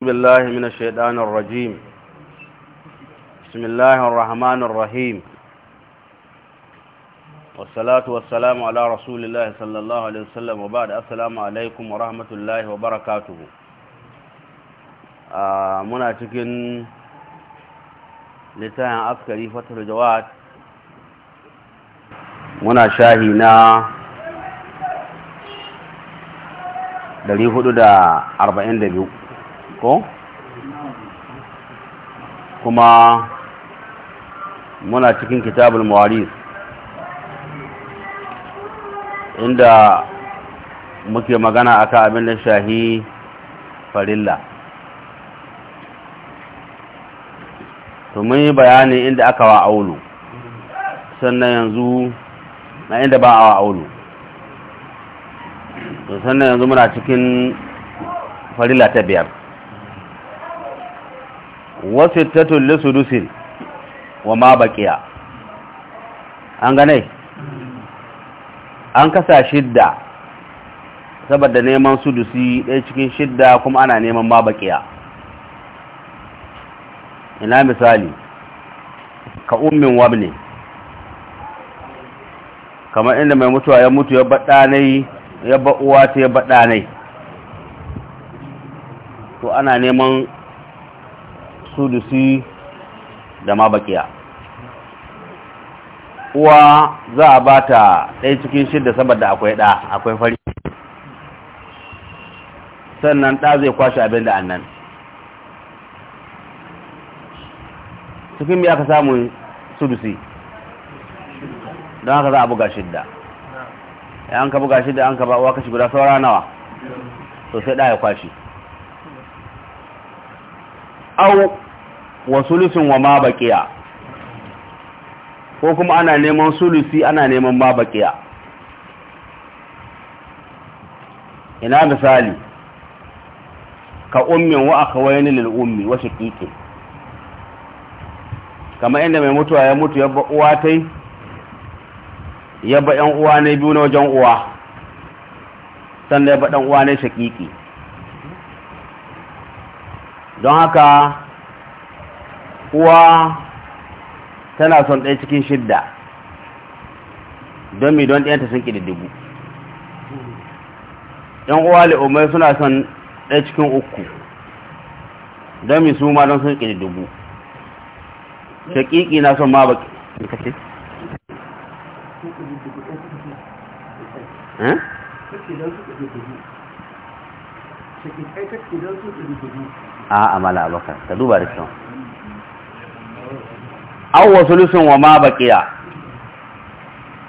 بالله من الشيطان الرجيم بسم الله الرحمن الرحيم والصلاة والسلام على رسول الله صلى الله عليه وسلم وبعد السلام عليكم ورحمة الله وبركاته muna cikin littafin askari fatar jawad muna shahi na 442 ko kuma muna cikin kitabul muwaris inda muke magana aka abin da shahi farilla to mun yi bayani inda aka wa aulu sannan yanzu na inda ba a wa aulu to sannan yanzu muna cikin farilla ta biyar wasu tattun lissudusin wa ma baƙiya an gane an kasa shidda saboda neman sudusi ɗaya cikin shidda kuma ana neman ma baƙiya ina misali ka ummin wabne kamar inda mai mutuwa ya mutu ya nai, ya uwa ta ya nai to ana neman sudusi da ma bakiya uwa za a ba ta ɗaya cikin shidda saboda akwai ɗa akwai fari sannan ɗa zai kwashe abin da annan cikin biya ka samu sudusi don haka za a buga shidda ya an ka buga shidda an ka ba uwa kashi guda saura nawa sosai sai ɗa ya kwashe au wa sulusin wa ma baqiya ko kuma ana neman sulusi ana neman ma baqiya ina misali ka ummin wa akawaini lil ummi wa shiqiqi kama inda mai mutuwa ya mutu yabba uwa tai yabba yan uwa ne biyu na wajen uwa sannan yabba dan uwa ne shiqiqi don haka uwa tana son ɗaya cikin shidda don mi don ɗayanta sun ƙididdigu ‘yan uwa al'ummai suna son ɗaya cikin uku don mi su ma don sun ƙididdigu shaƙiƙi na son ma baƙi kake? eh? kake don su a amala abakar ka duba da kyau an sulusun wa ma baqiya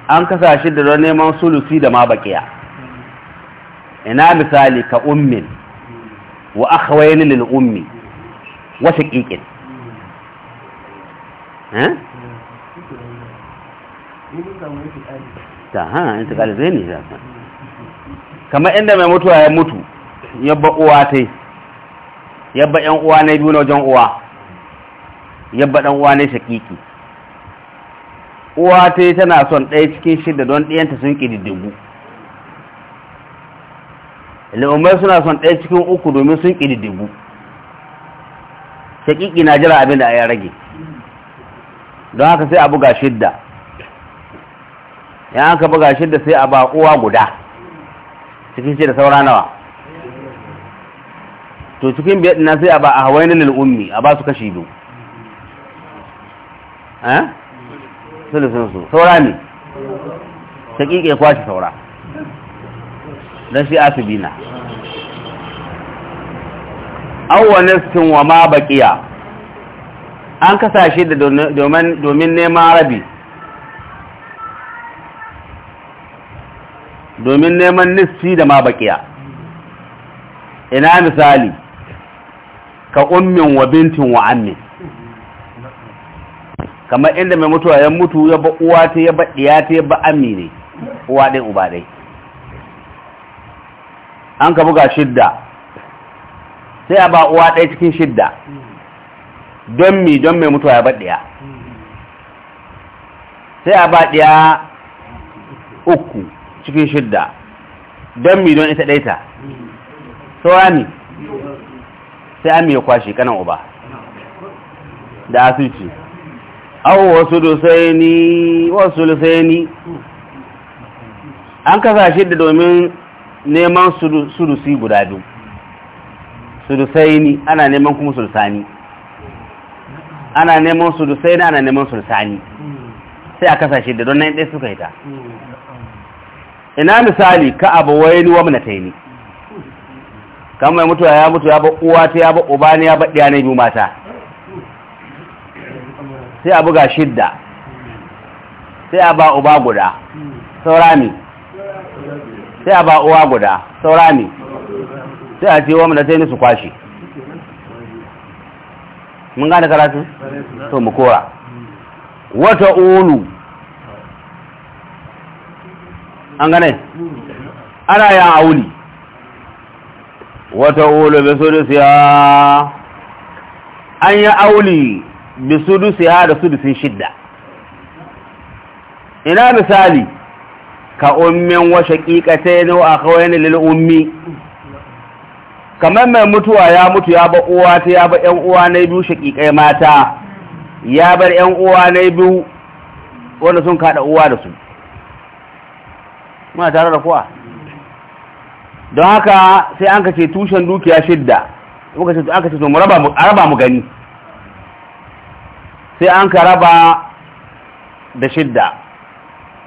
an kasa shi da don neman sulusi da ma baqiya ina misali ka ummin wa akhawayni lil ummi wa shaqiqin eh ta ha intikali zai ne inda mai mutuwa ya mutu ya ba uwa tai yabba yan uwa na biyu na wajen uwa yabba dan uwa ne shakiki uwa ta yi tana son ɗaya cikin shida don ɗiyanta sun ƙididdigu al'ummai suna son ɗaya cikin uku domin sun ƙididdigu shakiki na jira abin da a ya rage don haka sai a buga shidda yan aka buga shidda sai a ba uwa guda cikin shida saura nawa to cikin biyar dina sai a ba a hawainin lil'ummi a ba su kashi biyu eh sulusun su saura ne saƙiƙe kwashi saura don shi asibina awwanistin wa ma baƙiya an kasa shi da domin neman rabi domin neman nisfi da ma baƙiya ina misali ka ummin wa bintin wa ammi kamar inda mai mutuwa ya mutu ya ba uwa ta ya ba diya ta ya ba ammi ne uwa dai uba dai an ka buga shidda sai a ba uwa ɗaya cikin shidda don mi don mai mutuwa ya ba diya sai a ba diya uku cikin shidda don mi don ita ɗaita saurani sai an mai kwashe kanan uba da asuci awo wasu dusaini wasu lusaini an kasa shi da domin neman sudusi guda biyu sudusaini ana neman kuma sulsani ana neman sudusaini ana neman sulsani sai a kasa shi da don nan ɗaya suka yi ta ina misali ka abuwa yi ni wamnataini kan mai mutuwa ya mutu ya ba uwa ta ya ba uba ne ya ba ɗaya ne biyu mata sai a buga shidda sai a ba uba guda saurami sai a ba uwa guda saurami sai a ce wa mu da sai ni su kwashi mun gane karatu to mu kora wata ulu an gane ana ya auli wata ulu bi sudusiya an yi auli bi sudusiya da sudusin shidda ina misali ka ummin wa shaqiqatayn wa akhawayn lil ummi kamar mai mutuwa ya mutu ya ba uwa ta ya ba 'yan uwa na biyu shaqiqai mata ya bar 'yan uwa na biyu wanda sun kada uwa da su muna tare da kuwa don haka sai an ka ce tushen dukiya shidda muka ce an ka ce to mu raba mu gani sai an ka raba da shidda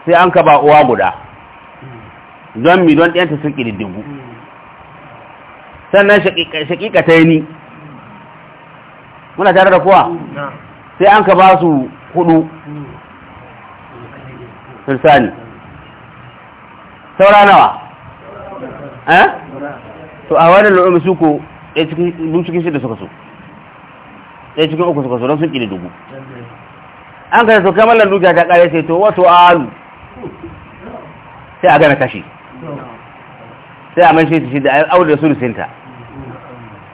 sai an ka ba uwa guda don mi don ɗiyanta sun ƙididdigu sannan shaƙiƙa ta yi ni, muna tare da kuwa sai an ka ba su hudu sulsani saura nawa eh to a wannan lo'umi su ko ɗaya cikin duk cikin shida suka so ɗaya cikin uku suka so don sun ƙi da dubu an kai to kamalan dukiya ta ƙare sai to wato alu sai a gana kashi sai a mai shi shi da aure da sulusinta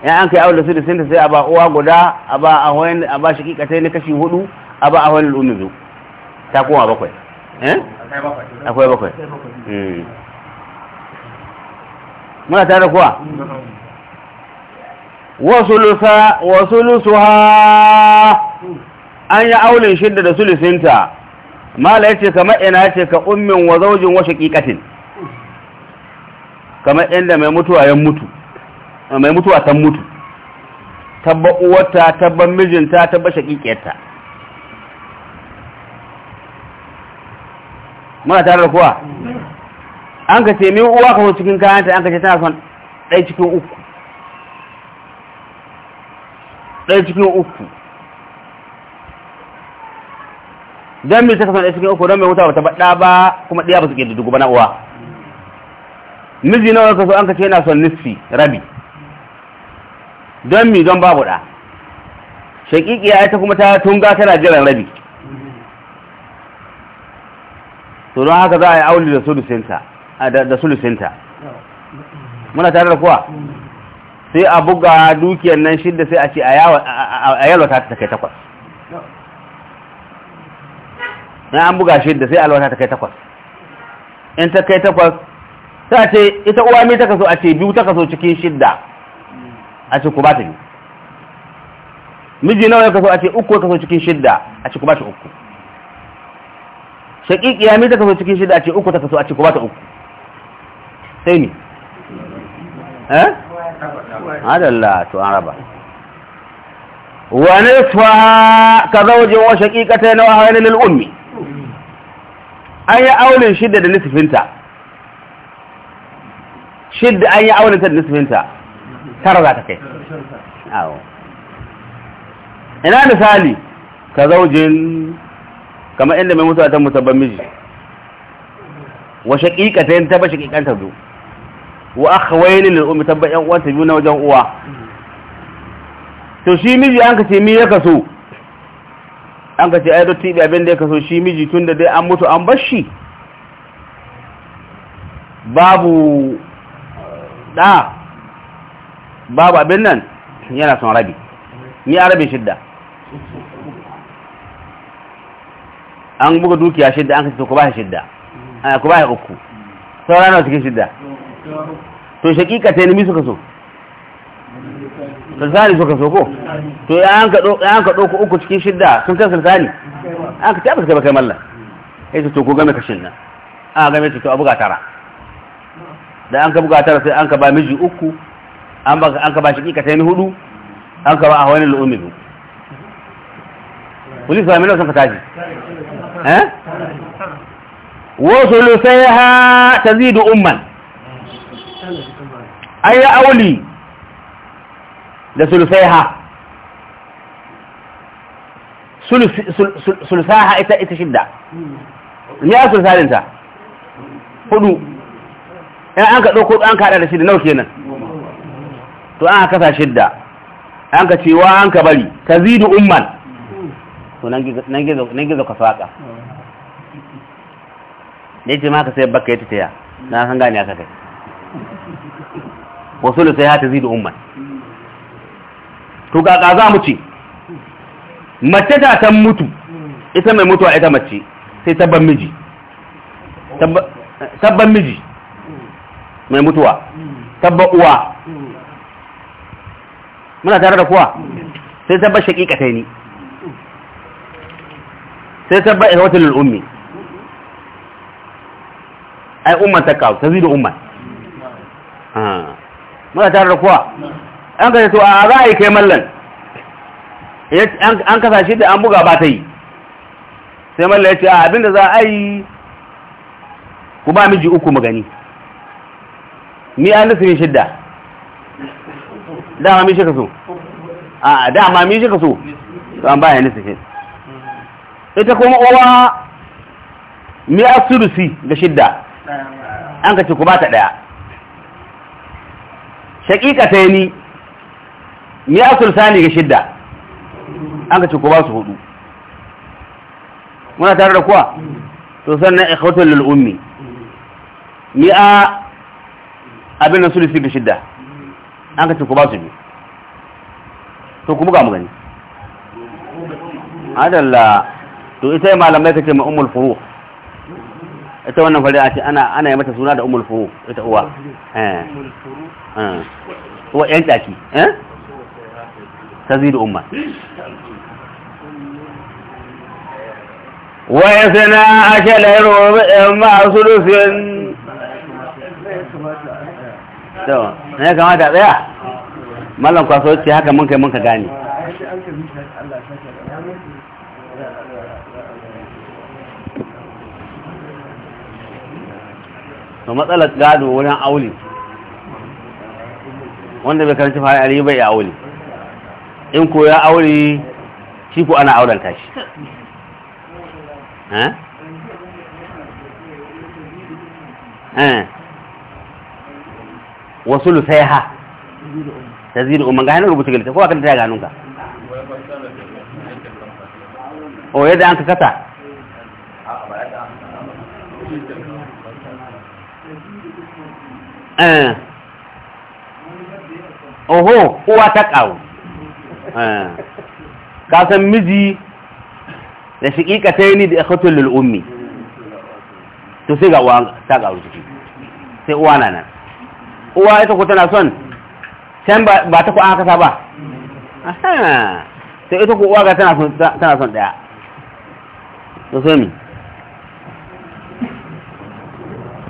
ya an kai aure da senta sai a ba uwa guda a ba a hoyan a ba shi kikata ne kashi hudu a ba a hoyan al'ummi biyu ta koma bakwai eh akwai bakwai hmm. muna tare kuwa wasu ha an yi aulin shidda da sulusinta mala ya ce kamar ina ce ka ummin wa zaujin wa shaƙiƙatin kamar inda mai mutuwa ya mutu mai mutuwa ta mutu tabba uwarta tabba mijinta tabba shaƙiƙiyarta muna tare kuwa an ka ce min uwa ka cikin kayanta an ka ce tana son ɗaya cikin uku ɗaya cikin uku don mai saka son ɗaya cikin uku don mai wuta ba ta baɗa ba kuma ɗaya ba su ke da dugu ba na uwa miji na ka so an ka ce yana son nisfi rabi don mai don babu ɗa shaƙiƙiya ita kuma ta tunga tana jiran rabi to don haka za a yi auli da su sudusinta da sulusinta muna tare da kuwa sai a buga dukiyar nan shidda sai a ce a yalwata ta kai takwas na an buga shidda sai alwata ta kai takwas in ta kai takwas ta ce ita uwa mai takaso a ce biyu takaso cikin shidda a ce ku ba ta biyu miji nawa ya kaso a ce uku ya kaso cikin shidda a ce ku ba ta uku shaƙiƙiya mai takaso cikin shidda a ce uku takaso a ce ku ba ta uku sai ne eh adalla to an raba wa nisfaha ka zawjin wa shaqiqata na wa hayna lil ummi ayi yi aulin shidda da nisfinta shidda ayi yi aulin ta da nisfinta tara za ta kai awo ina misali ka zaujin kamar inda mai mutuwa ta musabban miji wa shaqiqata ta ba taba shaƙiƙan zo wa akhwayni lil ummi tabba yan uwanta biyu na wajen uwa to shi miji an ka ce mi ya kaso an ka ce ai dotti da abin da ya kaso shi miji tun da dai an mutu an bar shi babu da eh, babu abin nan yana son rabi ni a rabin shidda an buga dukiya shidda an ka ce ku ba shi shidda eh, ku ba ya uku saurana cikin shidda to shakika ta nemi suka so sultani suka so ko to ya an ka ɗauko uku cikin shidda sun kan sultani an ka tabbata kai kai mallan ya ce to ko game kashin nan an game ce to a buga tara da an ka buga tara sai an ka ba miji uku an ka ba shakika ta hudu an ka ba a wani lu'umi biyu kuli ba miliyan sun ka tashi eh wasu lusaiha tazidu umman an yi auli da sulfaiha sulfaha ita ita shidda ya sulfalinta hudu in an ka ɗauko an kaɗa da shidda nau kenan to an kasa shidda an ka cewa an ka bari ka zidu umman to nan gizo ka saƙa ne ce ma ka sai baka ya ta taya na san gani aka kai wasu da sai ha ta zidu umman to ga za mu ce mace ta ta mutu ita mai mutuwa ita mace sai tabban miji tabban miji mai mutuwa tabban uwa muna tare da kuwa sai tabban shaƙiƙa ta ni sai tabban ihwatul ummi ai umman ta kawo ta zidu umman muna tare da kuwa an kasa to a za a yi kai mallan an kasa shi da an buga ba ta yi sai mallan ya ce a abinda za a yi ku ba miji uku mu gani ni an nufin shidda dama mi shi ka so a dama mi shi ka so to an baya nufin ita kuma uwa mi asurusi da shidda an ka ku ba ta daya taƙiƙa sai ni ni asul sani ga shidda an ka ce ku ba su hudu muna tare da kuwa to sannan ikhwatul lil lul'ummi ni a abin nan sulisi ga shidda an ka ce ku ba su biyu to ku buga mu gani adalla to ita malamai ka ce ma furu ita wannan fari'a ce ana ana yi mata suna da umul furu ita uwa eh uwa yan taki eh tazidu umma wa yasna ashara rubu'in ma sulusin to ne kamata tsaya mallan kwaso ce haka mun kai mun ka gane to matsalar gado wurin aure wanda bai karanci fara aliyu bai ya aure in ko ya aure shi ko ana auren tashi eh eh wasu lusaiha ta zira umar ga hannun rubuta galita kowa kan ta ganunka o oh, yadda an ka kasa Eh. oho uwa ta eh. Ka kasan miji da shiƙiƙa ta yi ni da ikhotun lul'ummi to sai ga uwa ta ƙaru ciki sai uwa na nan uwa ita ku tana son can ba ta ku an kasa ba sai ita ku uwa ga tana son ɗaya to sai mi